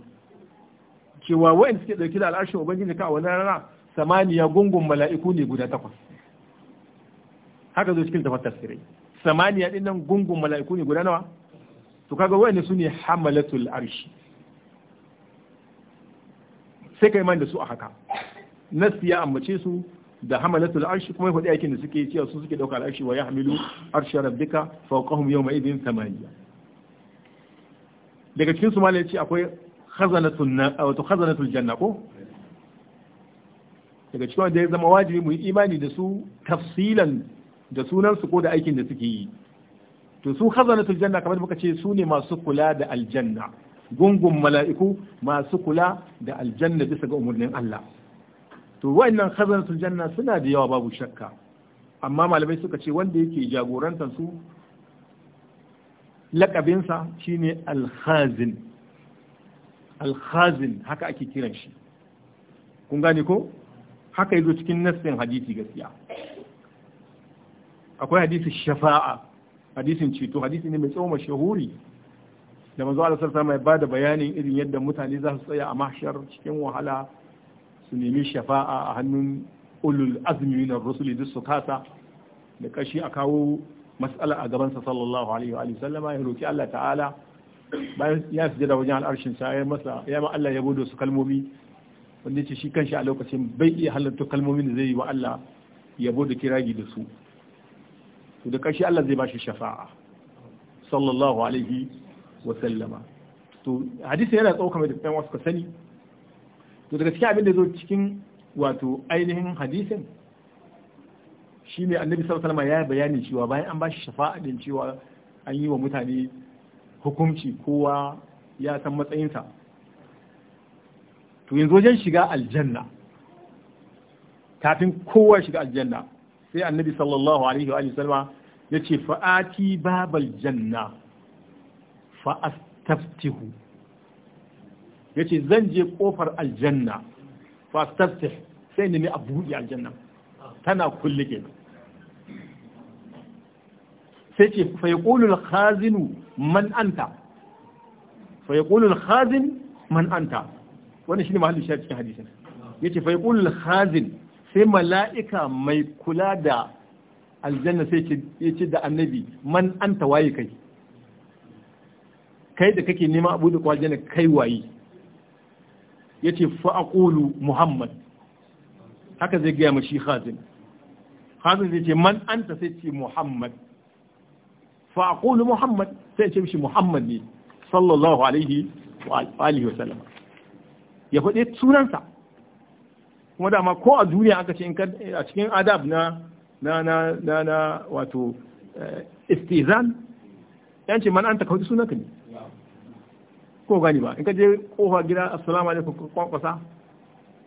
cewa wa'in suke ɗauki da al'arshin ubangiji ka a wannan rana samaniya gungun mala'iku ne guda takwas haka zo cikin tafar tafsirai samaniya din nan gungun mala'iku ne guda nawa to kaga wa'in su ne hamalatul arshi sai kai man da su a haka nasi ya ambace su da hamalatul arshi kuma faɗi aikin da suke cewa su suke ɗauka al'arshi wa ya hamilu arshi rabbika fawqahum yawma idin samaniya daga cikin su malai ce akwai khazanatul janna ko daga cikin wanda ya zama wajibi mu yi imani da su tafsilan da sunansu ko da aikin da suke yi to su khazanatul janna kamar muka ce su ne masu kula da aljanna gungun mala'iku masu kula da aljanna bisa ga umarnin Allah to wa'annan khazanatul janna suna da yawa babu shakka amma malamai suka ce wanda yake jagorantar su lakabinsa shine alhazin alhazin haka ake kiran shi kun gane ko haka yazo cikin nassin hadisi gaskiya akwai hadisi shafa'a hadisin ceto hadisi ne mai tsawon mashahuri da manzo Allah sallallahu alaihi wasallam ba da bayanin irin yadda mutane za su tsaya a mahshar cikin wahala su nemi shafa'a a hannun ulul azmi min ar-rusuli duk su kasa da kashi a kawo mas'ala a gaban sa sallallahu alaihi wa sallama ya roki Allah ta'ala bayan ya sujada wajen al'arshin sa ya masa ya ma Allah ya bude su kalmomi wanda yace shi kanshi a lokacin bai iya halatta kalmomin da zai yi wa Allah ya bude kiragi da su to da karshe Allah zai ba shi shafa'a sallallahu alaihi wa sallama to hadisi yana tsawo mai da wasu ka sani to daga cikin abin da zo cikin wato ainihin hadisin shi ne annabi sallallahu alaihi ya bayani cewa bayan an shi shafa'a din cewa an yi wa mutane hukunci kowa ya san matsayinsa to yanzu wajen shiga aljanna kafin kowa shiga aljanna sai annabi sallallahu alaihi wa sallama ya ce fa'ati babal janna fa'astaftihu ya ce zan je ƙofar aljanna fa'astaftih sai nemi a buɗe aljanna tana kulle sai ce fa yaqulu khazinu man anta fa yaqulu al-khazin man anta wannan shine mahallin shi cikin hadisin yace fa yaqulu al-khazin sai mala'ika mai kula da aljanna sai yace da annabi man anta waye kai kai da kake nema abu da kwaljana kai waye yace fa aqulu muhammad haka zai gaya mashi khazin khazin zai ce man anta sai ce muhammad fa aqulu muhammad sai ce mishi muhammad ne sallallahu alaihi wa alihi wa sallam ya faɗe sunansa kuma dama ko a duniya aka ce a cikin adab na na na na na wato eh, istizan yan ce man an takauti sunanka ne ko gani ba in ka je kofa gida assalamu alaikum kwakwasa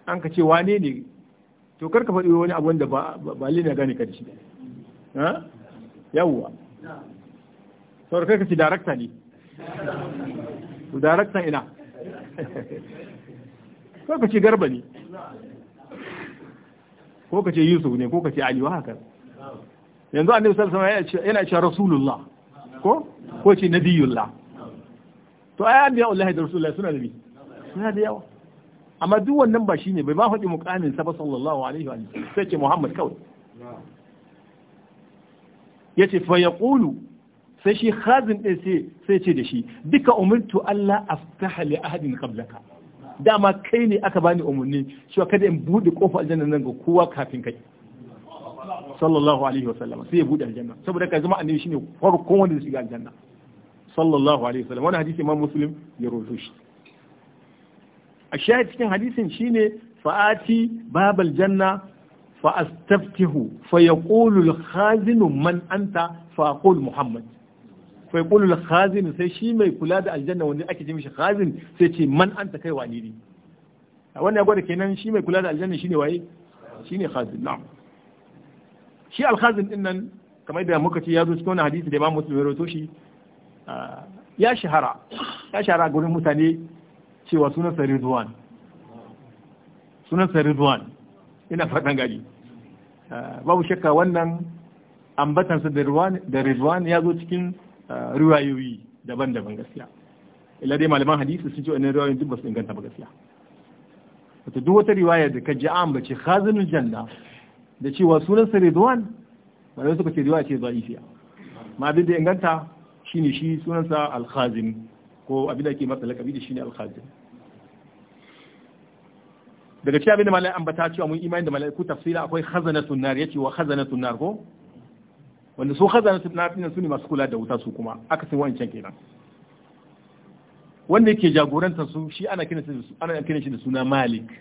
an ka ce wane ne to kar ka faɗi wani abu da ba ba ne gane ka da shi yawwa sau kai ka ci darakta ne darakta ina ko ka garba ne ko ka ce yusuf ne ko ka ce aliyu haka yanzu annabi sallallahu sama yana ce rasulullah ko ko ce nabiyullah to ai annabi Allah da rasulullah suna da suna da yawa amma duk wannan ba shine bai ba haɗi muqamin sa ba sallallahu alaihi wa sallam sai ce muhammad kawai yace fa yaqulu sai shi khazin ɗin sai ce da shi duka umirtu Allah aftaha li ahadin qablaka dama kai ne aka bani umarni cewa kada in buɗe ƙofa aljanna nan ga kowa kafin kai sallallahu alaihi wa sallam sai ya buɗe aljanna saboda ka zama annabi shine farkon wanda zai shiga aljanna sallallahu alaihi wa sallam wannan hadisi imam muslim ya rawaito shi a shahid cikin hadisin shine fa'ati babal janna fa astaftihu fa yaqulu al khazinu man anta fa aqul muhammad fa yaqulu khazin sai shi mai kula da aljanna wanda ake ce mishi khazin sai ce man anta kai wani ne wannan ya gwada kenan shi mai kula da aljanna shine waye shine khazin na'am shi al khazin din nan kamar da muka ce ya zo cikin wani hadisi da Imam Muslim ya rawaito shi ya shahara ya shahara gurin mutane cewa sunan Ridwan sunan Ridwan ina faɗan gari babu shakka wannan ambatansa da Ridwan ya zo cikin Eh, riwayoyi daban-daban gaskiya illa dai malaman hadisi sun ce wannan ruwayoyin duk ba su inganta ba gaskiya wato duk wata riwaya da ka ji an bace khazinul janna da cewa sunan sa ridwan malamai suka ce riwaya ce da'ifiya ma abin da inganta shine shi sunan sa al-khazin ko abin da ke masa lakabi da shine al-khazin daga cikin abin da malai ambata cewa mun imani da ku tafsira akwai khazanatun nar yace wa khazanatun nar ko wanda su hazana su nafinan su ne masu kula da wuta su kuma aka sai wancan kenan wanda yake jagorantar su shi ana kina shi ana kina shi da suna Malik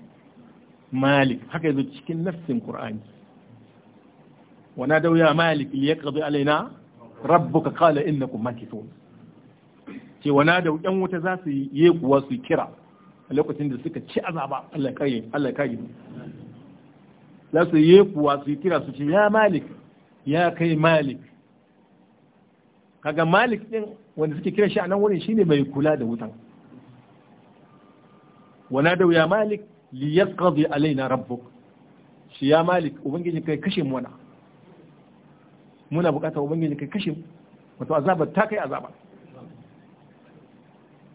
Malik haka yazo cikin nafsin Qur'ani wa nadaw ya Malik liyaqdi alaina rabbuka qala innakum makithun ce wa nadaw yan wuta za su yi kuwa su kira a lokacin da suka ci azaba Allah kai Allah kai za su yi kuwa su kira su ce ya Malik ya kai malik kaga malik din wanda suke kira shi a nan wurin shine mai kula da wutan wana da ya malik li yaqdi alaina rabbuk shi ya malik ubangiji kai kashe mu wana muna bukata ubangiji kai kashe mu wato azaba ta kai azaba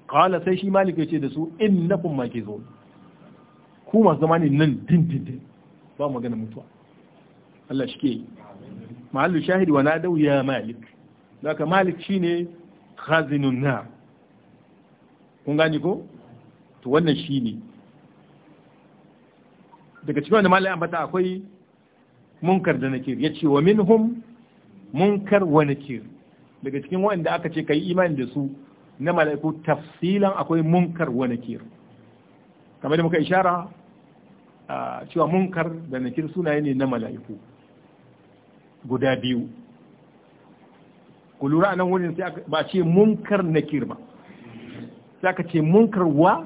qala sai shi malik ya ce da su innakum makizun ku masu zama ne nan din din din ba magana mutuwa Allah shi ke yi Mahallin shahidi wa nadau ya malik daga malik shi ne khazinun na kun gani ko to wannan shi ne. daga cikin wanda malai ambata akwai munkar da nakir ya ce wa minhum munkar wa nakir daga cikin wanda aka ce kai imani da su na mala'iku tafsilan akwai munkar wa nakir kamar da muka ishara cewa munkar da nakir sunaye ne na mala'iku guda biyu ku lura nan wurin sai ba ce munkar nakir ba sai aka ce munkar wa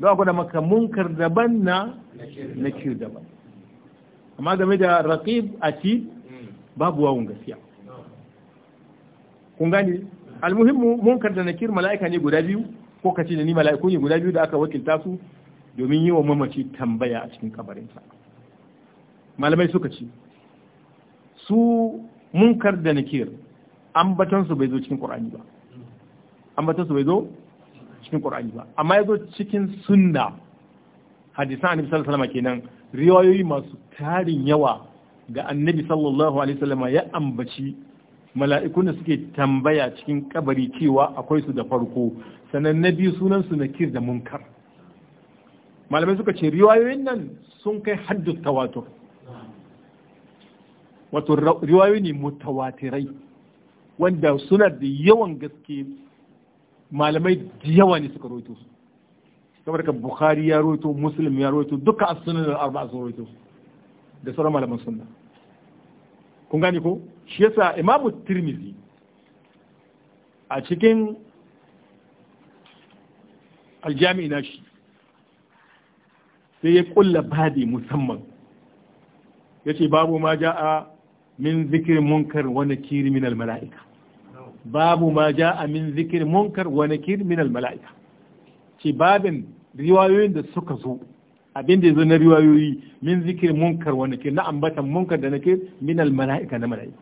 da gwada maka munkar daban na nakir daban amma game da raqib ati babu wawun gaskiya kun gani almuhimmu munkar da nakir mala'ika ne guda biyu ko kace ne ni mala'iku ne guda biyu da aka wakilta su domin yi wa mamaci tambaya a cikin kabarinsa malamai suka ce su munkar da nakir ambatansu bai zo cikin ƙur'ani ba ambatansu bai zo cikin ƙur'ani ba amma ya zo cikin sunna hadisan annabi sallallahu alaihi wasallam kenan riwayoyi masu tarin yawa ga annabi sallallahu alaihi wasallam ya ambaci mala'ikun da suke tambaya cikin kabari cewa akwai su da farko sannan na biyu sunan su nakir da munkar malamai suka ce riwayoyin nan sun kai haddu tawatur wato riwayoyi ne mutawatirai wanda suna da yawan gaske malamai da yawa ne suka roto su kamar ka bukhari ya roto muslim ya roto duka as-sunan arba arbaa sun roto da sauran malaman sunna kun gane ko shi yasa imamu tirmizi a cikin aljami'i na shi sai ya kulla badi musamman ya ce babu ma ja'a min zikir munkar wani nakir min mala'ika babu ma ja a min zikir munkar wani nakir min mala'ika ce babin riwayoyin da suka zo abin da ya zo na riwayoyi min zikir munkar wani nakir na ambatan munkar da nakir min mala'ika na mala'ika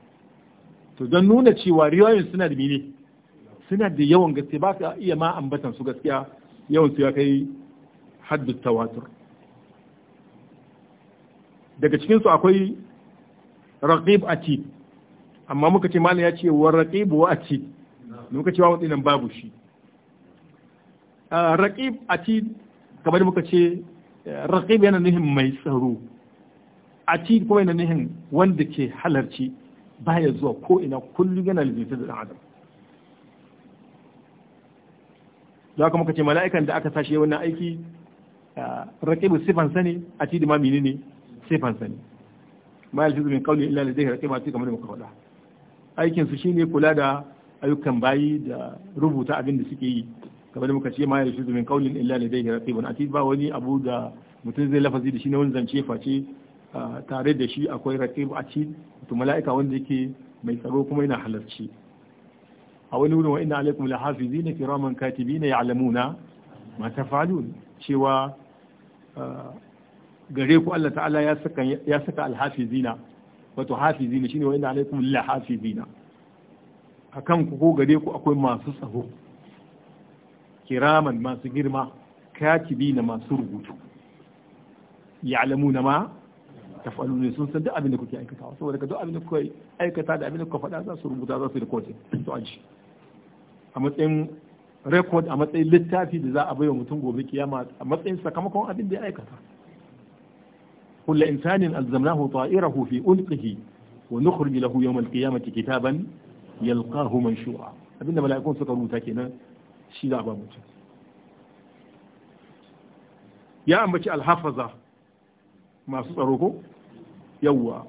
to don nuna cewa riwayoyin suna da mene suna da yawan gaske ba ka iya ma ambatan su gaskiya yawan su ya kai haddu tawatur daga cikinsu akwai raqib atid amma muka ce malam ya ce wa raqib wa atid muka ce wa dinan babu shi raqib atid kamar muka ce raqib yana nihin mai tsaro atid kuma yana nihin wanda ke halarci baya zuwa ko ina kullum yana lizinta da adam da haka muka ce mala'ikan da aka sashe wannan aiki raqibu sifansa ne atid ma menene sifansa ne ma yalfizu min qawli illa ladayhi raqibun atid kamar muka aikin su shine kula da ayyukan bayi da rubuta abin da suke yi kamar muka ce ma yalfizu min qawlin illa ladayhi raqibun atid ba wani abu da mutum zai lafazi da shi na wani zance face tare da shi akwai raqib aci to mala'ika wanda yake mai tsaro kuma yana halarci a wani wurin wa inna alaikum lahafizina kiraman katibina ya'lamuna ma tafalun cewa gare ku Allah ta'ala ya saka ya saka alhafizina wato hafizina shine wanda alaikum lillah hafizina akan ku ko gare ku akwai masu tsaro kiraman masu girma katibi na masu rubutu ya'lamu na ma tafalu ne sun san duk abin da kuke aikata saboda ka duk abin da kuke aikata da abin da kuka faɗa za su rubuta za su to su aji a matsayin rekod a matsayin littafi da za a bai wa mutum gobe kiyama a matsayin sakamakon abin da ya aikata كل إنسان ألزمناه طائره في أنقه ونخرج له يوم القيامة كتابا يلقاه منشورا abinda mala'ikun suka rubuta kenan shi za a ba mutum ya ambaci alhafaza masu tsaro ko yawwa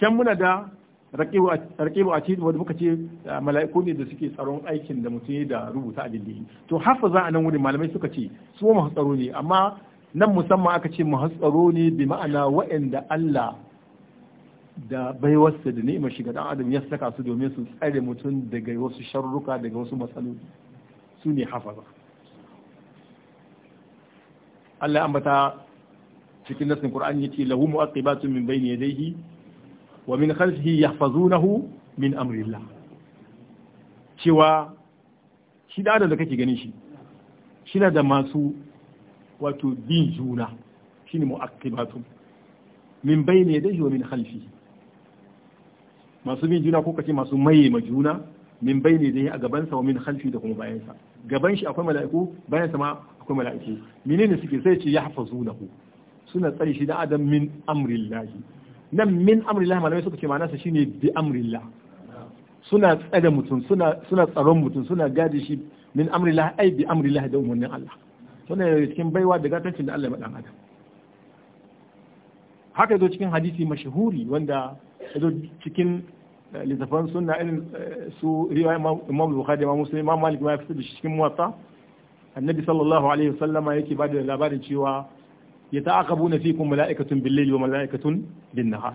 can muna da raƙibu a cikin muka ce mala'iku ne da suke tsaron aikin da mutum da rubuta a dindini to hafaza a nan wurin malamai suka ce su masu tsaro ne amma nan musamman aka ce muhatsaro ne bi ma'ana wa'anda Allah da baiwarsa da ni'imar shiga dan adam ya saka su domin su tsare mutum daga wasu sharruka daga wasu matsaloli su ne hafaza Allah ya ambata cikin nasin Qur'ani yace lahu mu'aqibatun min bayni yadayhi wa min khalfihi yahfazunahu min amrillah cewa shi da da kake ganin shi shi da masu wato bin juna shi ne mu'aqqibatun min bayni yadayhi wa min khalfihi masu bin juna ko kace masu maye ma juna min da yadayhi a gabansa wa min khalfi da kuma bayansa gaban shi akwai mala'iku sa ma akwai mala'iku menene suke sai ce yahfazunahu suna tsari shi da adam min amrillahi nan min amrillahi malamai suka ce ma'anarsa shine bi amrillah suna tsare mutum suna suna tsaron mutum suna gadi shi min amrillah ai bi amrillah da umurnin Allah wannan yana cikin baiwa da gatancin da Allah ya madan adam haka yazo cikin hadisi mashahuri wanda yazo cikin eh, littafan sunna irin eh, su riwaya Imam Bukhari Imam Muslim Imam Malik ma ya da shi cikin muwatta annabi sallallahu alaihi wasallama yake bada labarin cewa ya yata'aqabuna fikum mala'ikatun bil-layli wa mala'ikatun bin-nahar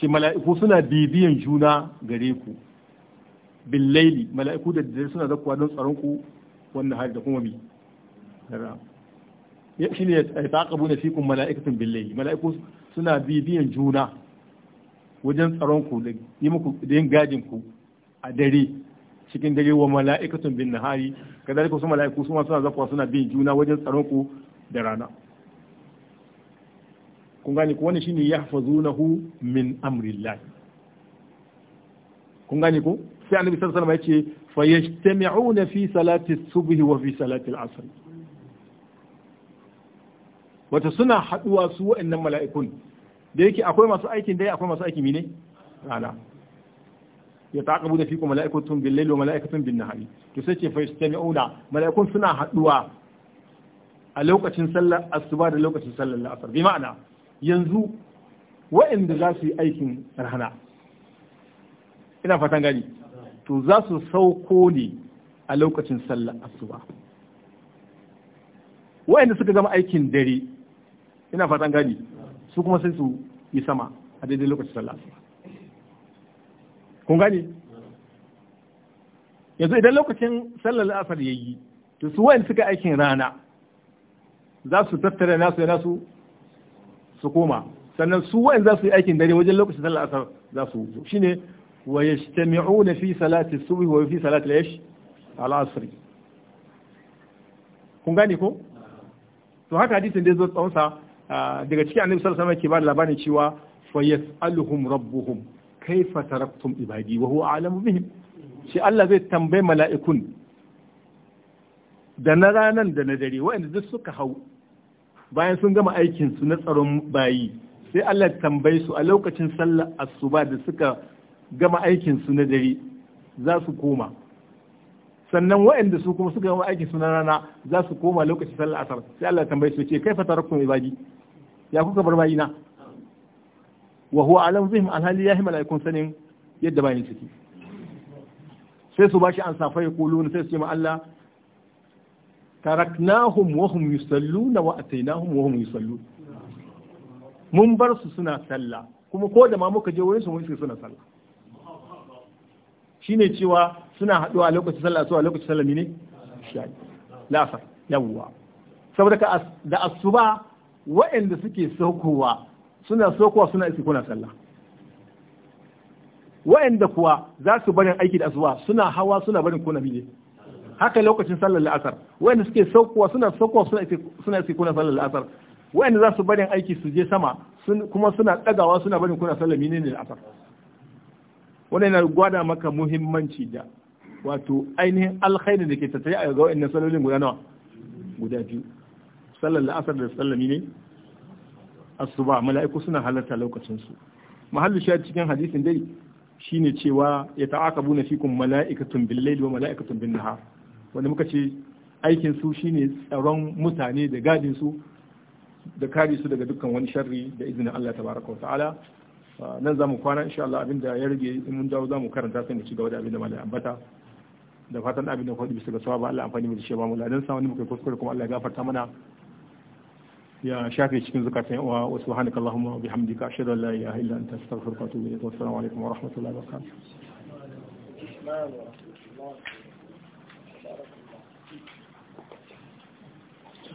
shi mala'iku suna bibiyan juna gare ku bil-layli mala'iku da dare suna zakkuwa don tsaron ku wannan hari da kuma bi shi ne ya taƙabu na fikun mala'ikatun billahi mala'iku suna bibiyan juna wajen tsaronku da yin gadinku a dare cikin dare wa mala'ikatun bin nahari kazalika su mala'iku su suna zafuwa suna bin juna wajen tsaronku da rana kun gane ko ya shine yahfazunahu min amrillah kun gane ko sai annabi sallallahu alaihi wasallam yace fa yajtami'una fi salati subhi wa fi salati al-asr wata suna haduwa su wa'annan mala'ikun da yake akwai masu aikin dai akwai masu aiki mine rana ya taqabu da fiku mala'ikatun bil layli wa mala'ikatun bin nahari to sai ce fa yastami'una mala'ikun suna haduwa a lokacin sallar asuba da lokacin sallar la'asar bi ma'ana yanzu wa'anda za su yi aikin rana ina fatan gani to za su sauko ne a lokacin sallar asuba wa'anda suka gama aikin dare ina fatan gani su kuma sai su yi sama a daidai lokacin sallah kun gani yanzu idan lokacin sallar asar ya yi to su wayan suka aikin rana za su tattara nasu ya nasu su koma sannan su wayan za su yi aikin dare wajen lokacin sallar asar za su zo shine wa yajtami'una fi salati subhi wa fi salati al-ish al-asr kun gani ko to haka hadisin da zo tsawon sa Ah, daga cikin annabi sallallahu alaihi wasallam ke ba da labarin cewa fa yas'aluhum rabbuhum kaifa taraktum ibadi wa huwa a'lamu bihim shi Allah zai tambayi mala'ikun da na ranan da na dare wa'anda duk suka hau bayan sun gama aikin su na tsaron bayi sai Allah tambaye su a lokacin sallar asuba da suka gama aikin su na dare za su koma sannan waɗanda su kuma suka gama aikin su na rana za su koma lokacin sallar asar sai Allah tambaye su ce kai fatarakun ibadi ya kuka bar bayina wa huwa alam bihim alhali yahi malaikun sanin yadda bayin ciki. sai su bashi an safai kulun sai su ce ma Allah taraknahum wa hum yusalluna wa atainahum wa hum yusallu mun bar su suna sallah kuma ko da ma muka je wurin su mun suke suna sallah shine cewa suna haduwa lokacin sallah su a lokacin sallah ne la'asar yawwa saboda ka da asuba wa'anda suke saukowa suna saukowa suna isi kuna sallah wa'anda kuwa za su barin aiki da asuwa, suna hawa suna barin kuna bide haka lokacin sallar la'asar wa'anda suke saukowa suna saukowa suna isi kuna sallar la'asar wa'anda za su barin aiki su je sama kuma suna ɗagawa suna barin kuna sallar ne la'asar wannan yana gwada maka muhimmanci da wato ainihin alkhairi da ke tattare a ga waɗannan salolin guda nawa guda biyu sallar la'asar da sallami ne asuba mala'iku suna halarta lokacin su mahallu shi cikin hadisin dai shine cewa ya ta'aqabu na fikum mala'ikatun bil layli wa mala'ikatun bin nahar wanda muka ce aikin su shine tsaron mutane da gadin su da kare su daga dukkan wani sharri da izinin Allah tabaraka wa ta'ala nan zamu kwana insha Allah abinda ya rage in mun dawo zamu karanta sai mu ci gaba da abinda malai ambata da fatan abin da kwaɗi bisa ga sawaba Allah amfani mu da shi ba mu ladan sa wani muka kuskure kuma Allah ya gafarta mana يا شافي شكرا لك وسبحانك اللهم وبحمدك أشهد أن لا إله إلا أنت أستغفرك وأتوب إليك والسلام عليكم ورحمة الله وبركاته.